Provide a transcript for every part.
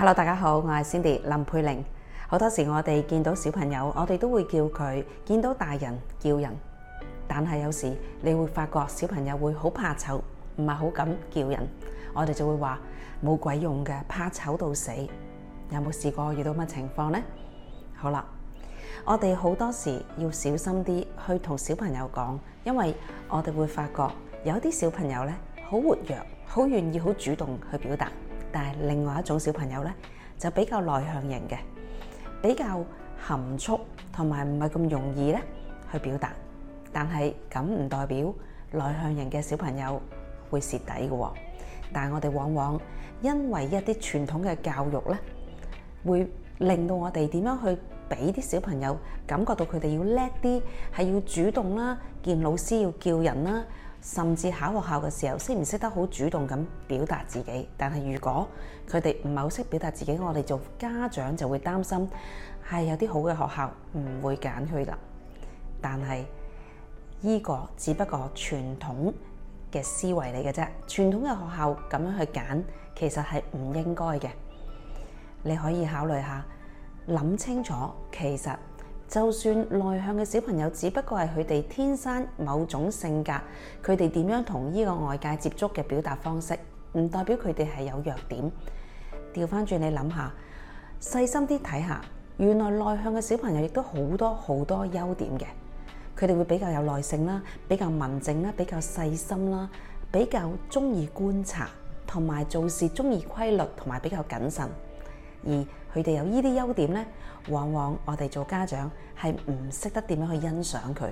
Hello，大家好，我係 Cindy 林佩玲。好多時我哋見到小朋友，我哋都會叫佢見到大人叫人，但係有時你會發覺小朋友會好怕醜，唔係好敢叫人。我哋就會話冇鬼用嘅，怕醜到死。有冇試過遇到乜情況呢？好啦，我哋好多時要小心啲去同小朋友講，因為我哋會發覺有啲小朋友咧好活躍，好願意，好主動去表達。但係另外一種小朋友咧，就比較內向型嘅，比較含蓄，同埋唔係咁容易咧去表達。但係咁唔代表內向型嘅小朋友會蝕底嘅。但係我哋往往因為一啲傳統嘅教育咧，會令到我哋點樣去俾啲小朋友感覺到佢哋要叻啲，係要主動啦，見老師要叫人啦。甚至考學校嘅時候，識唔識得好主動咁表達自己？但係如果佢哋唔係好識表達自己，我哋做家長就會擔心，係有啲好嘅學校唔會揀佢啦。但係呢個只不過傳統嘅思維嚟嘅啫，傳統嘅學校咁樣去揀，其實係唔應該嘅。你可以考慮下，諗清楚，其實。就算內向嘅小朋友，只不過係佢哋天生某種性格，佢哋點樣同呢個外界接觸嘅表達方式，唔代表佢哋係有弱點。調返轉你諗下，細心啲睇下，原來內向嘅小朋友亦都好多好多優點嘅。佢哋會比較有耐性啦，比較文靜啦，比較細心啦，比較鍾意觀察，同埋做事鍾意規律，同埋比較謹慎。而佢哋有呢啲優點呢，往往我哋做家長係唔識得點樣去欣賞佢。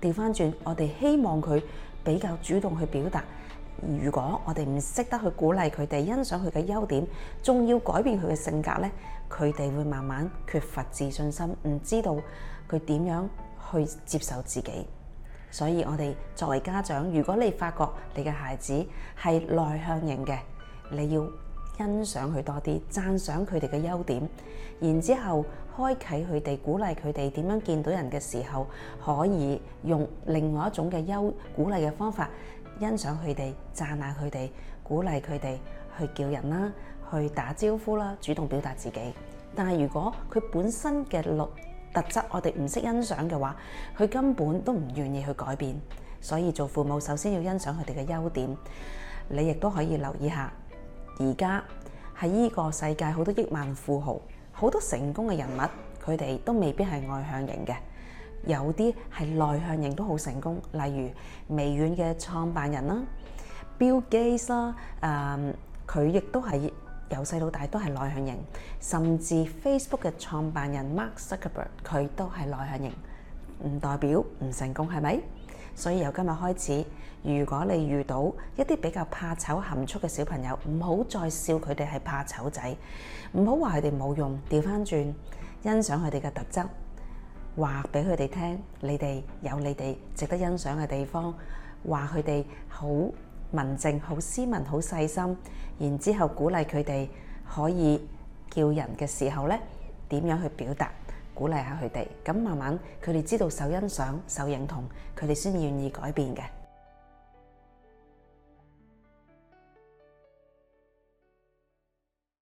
調翻轉，我哋希望佢比較主動去表達。如果我哋唔識得去鼓勵佢哋欣賞佢嘅優點，仲要改變佢嘅性格呢，佢哋會慢慢缺乏自信心，唔知道佢點樣去接受自己。所以我哋作為家長，如果你發覺你嘅孩子係內向型嘅，你要～欣賞佢多啲，讚賞佢哋嘅優點，然之後開啓佢哋，鼓勵佢哋點樣見到人嘅時候，可以用另外一種嘅優鼓勵嘅方法，欣賞佢哋，讚下佢哋，鼓勵佢哋去叫人啦，去打招呼啦，主動表達自己。但係如果佢本身嘅六特質，我哋唔識欣賞嘅話，佢根本都唔願意去改變。所以做父母首先要欣賞佢哋嘅優點，你亦都可以留意下。而家喺依個世界，好多億萬富豪，好多成功嘅人物，佢哋都未必係外向型嘅，有啲係內向型都好成功。例如微軟嘅創辦人啦，Bill Gates 啦，誒佢亦都係由細到大都係內向型，甚至 Facebook 嘅創辦人 Mark Zuckerberg，佢都係內向型，唔代表唔成功，係咪？所以由今日開始，如果你遇到一啲比較怕醜、含蓄嘅小朋友，唔好再笑佢哋係怕醜仔，唔好話佢哋冇用，調翻轉欣賞佢哋嘅特質，話俾佢哋聽，你哋有你哋值得欣賞嘅地方，話佢哋好文靜、好斯文、好細心，然之後鼓勵佢哋可以叫人嘅時候呢，點樣去表達？鼓勵下佢哋，咁慢慢佢哋知道受欣賞、受認同，佢哋先願意改變嘅。